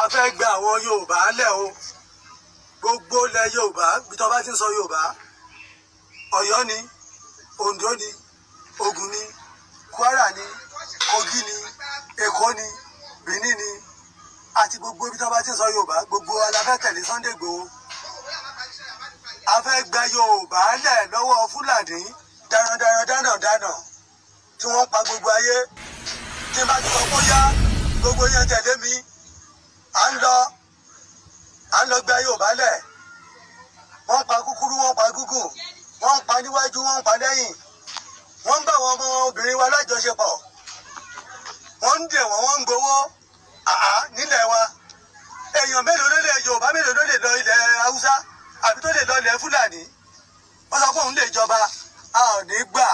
a fẹ́ gba àwọn yorùbá lẹ̀ o gbogbo ilẹ̀ yorùbá bí tó bá ti ń sọ yorùbá ọ̀yọ́ ni oǹdó ni ògùn ni kwara ni kogi ni èkó ni benin ni àti gbogbo ibi tó bá ti ń sọ yorùbá gbogbo aláfẹ́ sunday gbòó a fẹ́ gba yorùbá lẹ̀ lọ́wọ́ fúlàní darandaran dánàdánà tí wọ́n pa gbogbo ayé tí n bá ti sọ kó yá gbogbo yẹn tẹ̀lé mi à ń lọ à ń lọ gba Yorùbá lẹ̀ wọ́n pa kúkúrú wọ́n pa gúgùn wọ́n pa níwájú wọ́n pa lẹ́yìn wọ́n ń bá àwọn ọmọ obìnrin wa lájọṣepọ̀ wọ́n ń dè wọ́n wọ́n ń gbowó àá nílẹ̀ wa èèyàn mélòó ló lè Yorùbá mélòó ló lè lọ ilẹ̀ Haúsá àbí tó lè lọ ilẹ̀ Fúlàní wọ́n sọ pé òun lè jọba a ò ní gbà.